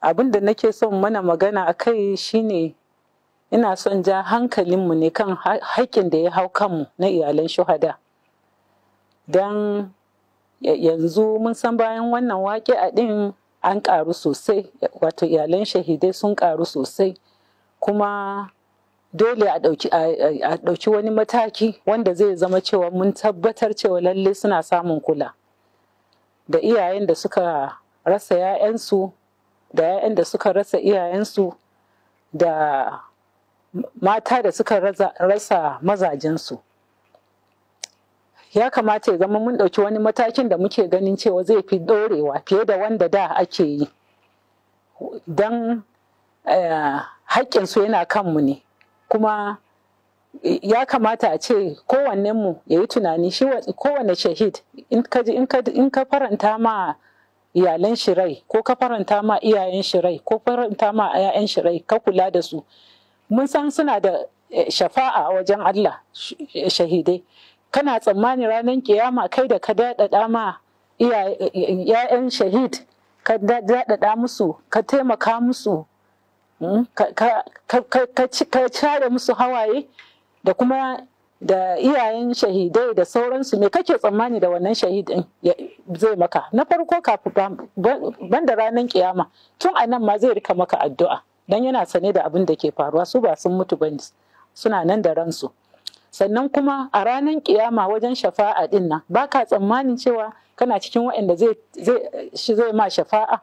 abin da nake son mana magana a kai shine ina son ja hankalinmu ne kan haƙƙin da ya hau kanmu na iyalan shuhada don yanzu mun san bayan wannan waƙe a ɗin an ƙaru sosai wato iyalan shahidai sun ƙaru sosai kuma dole a ɗauki wani mataki wanda zai zama cewa mun tabbatar cewa lalle suna samun kula da iyayen da suka rasa 'ya'yansu da 'ya'yan da suka rasa iyayensu da mata da suka rasa mazajensu ya kamata ya zama mun ɗauki wani matakin da muke ganin cewa zai fi ɗorewa fiye da wanda da ake yi don eh, haƙƙinsu yana kanmu ne kuma ya kamata a ce kowannenmu ya yi tunani shi kowane shahid in ka faranta ma iyalan shirai, ko ka faranta ma iyayen shirai? ko faranta ma 'ya'yan shirai? ka kula da su mun san suna da eh, shafa'a wajen Allah eh, shahidai kana tsammani ranar kiyama kai da ka daɗaɗa ma ‘ya'yan shahid ka daɗaɗa musu ka taimaka musu mm, ka care musu hawaye da kuma da iyayen shahidai da sauransu me kake tsammani da wannan shahidin zai maka na farko kafin da ranar kiyama tun a nan ma zai rika maka addu'a dan yana sane da abin da ke faruwa su ba sun mutu bane suna nan da ransu sannan kuma a ranar kiyama wajen shafa'a din nan ka tsammanin cewa kana cikin waɗanda zai zai ma shafa'a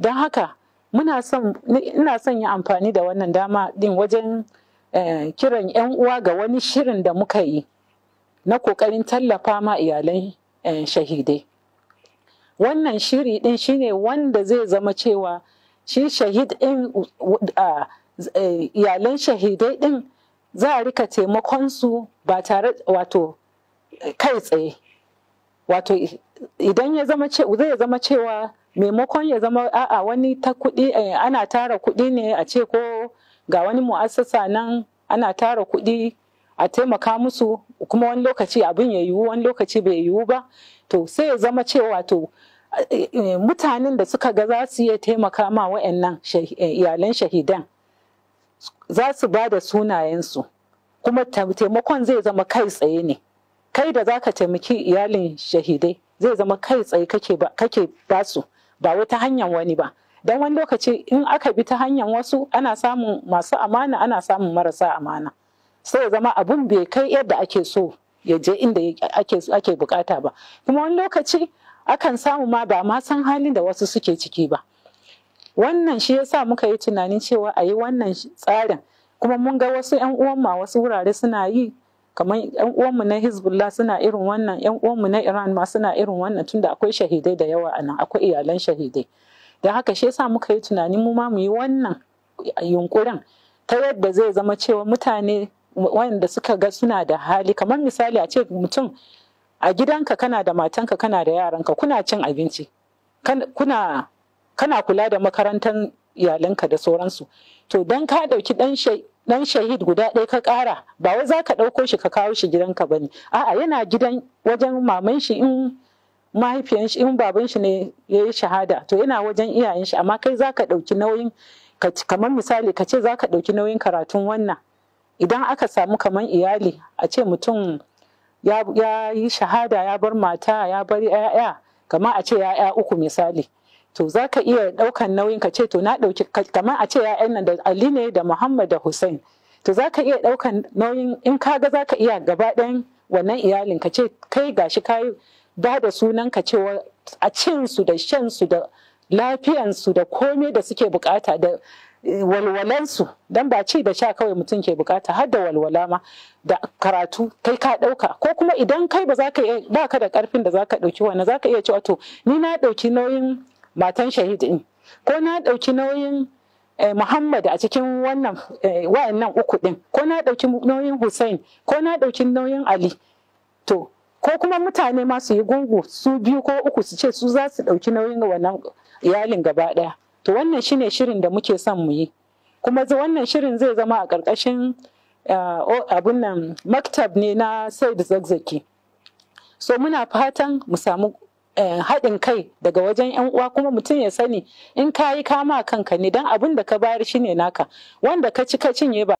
don haka muna son ina son yin amfani da wannan dama din wajen Eh, kiran 'yan uwa ga wani shirin da muka yi na kokarin tallafa ma iyalan eh, shahidai. Wannan shiri ɗin shine wanda zai zama cewa shi shahid a eh, iyalan shahidai din za a rika taimakonsu ba tare wato kai tsaye. Wato idan ya zama zai zama cewa maimakon ya zama a'a wani ta kuɗi ana tara kuɗi ne a ce ko ga wani mu'assasa nan ana tara kuɗi a taimaka musu kuma wani lokaci abin ya yiwu wani lokaci bai yiwu ba to sai ya zama cewa to eh, eh, mutanen da suka ga za su iya taimaka ma wa'annan eh, iyalan shahidan za su ba da sunayensu kuma taimakon zai zama kai tsaye ne kai da za ka taimaki iyalin shahidai zai zama kai tsaye kake ba su ba wata hanyar wani ba don wani lokaci in aka bi ta hanyar wasu ana samun masu amana ana samun marasa amana sai ya zama abun bai kai yadda ake so ya je inda ake, ake bukata ba kuma wani lokaci akan samu ma ba ma san halin da wasu suke ciki ba wannan shi yasa muka yi tunanin cewa a yi wannan tsarin kuma mun ga wasu 'yan uwan ma wasu wurare suna yi kamar 'yan mu na hezbollah suna irin wannan 'yan mu na iran ma suna irin wannan tunda akwai shahidai da yawa a nan akwai iyalan shahidai Da haka shi yasa muka yi tunanin mu ma mu yi wannan yunkurin ta yadda zai zama cewa mutane wanda suka ga suna da hali kamar misali a ce mutum a gidanka kana da matanka kana da yaranka kuna cin abinci kana kula da makarantar iyalanka da sauransu to dan ka dauki dan shahid guda ɗaya ka ƙara ba wai za ka ɗauko shi ka kawo shi gidanka ba ne a'a yana gidan wajen maman shi in mahaifiyan shi in baban shi ne ya yi shahada to yana wajen iyayen shi amma kai zaka ɗauki nauyin kamar misali ka ce zaka ɗauki nauyin karatun wannan idan aka samu kamar iyali a ce mutum ya yi shahada ya bar mata ya bar 'ya'ya kamar a ce 'ya'ya uku misali to za ka iya ɗaukan nauyin ka ce to na ɗauki kamar a ce ya'yan nan da Ali ne da Muhammad da Hussein to za ka iya ɗaukan nauyin in ka ga za ka iya gaba ɗayan wannan iyalin ka ce kai gashi ka ba da sunanka cewa a su da shan su da lafiyan su da komai da suke bukata da e, walwalansu dan ba ci da sha kawai mutum ke bukata har da walwala ma da karatu kai ka dauka ko kuma idan kai ba za ka iya ba ka da karfin da za ka dauki wannan za ka iya cewa to ni na dauki nauyin matan shahid din ko na dauki nauyin e, Muhammad a cikin wannan e, wayannan uku ɗin, ko na dauki nauyin Hussein ko na ɗauki nauyin Ali to ko kuma mutane ma su yi gungu su biyu ko uku su ce su za su ɗauki nauyin wannan iyalin gaba ɗaya to wannan shine shirin da muke son mu yi kuma wannan shirin zai zama a ƙarƙashin eh, abun nan maktab ne na said zazzaki. so muna fatan mu samu eh, haɗin kai daga wajen 'yan uwa kuma mutum ya sani in ka yi kama kanka ne don abin da ka bayar shine naka wanda ka ci ka cinye ba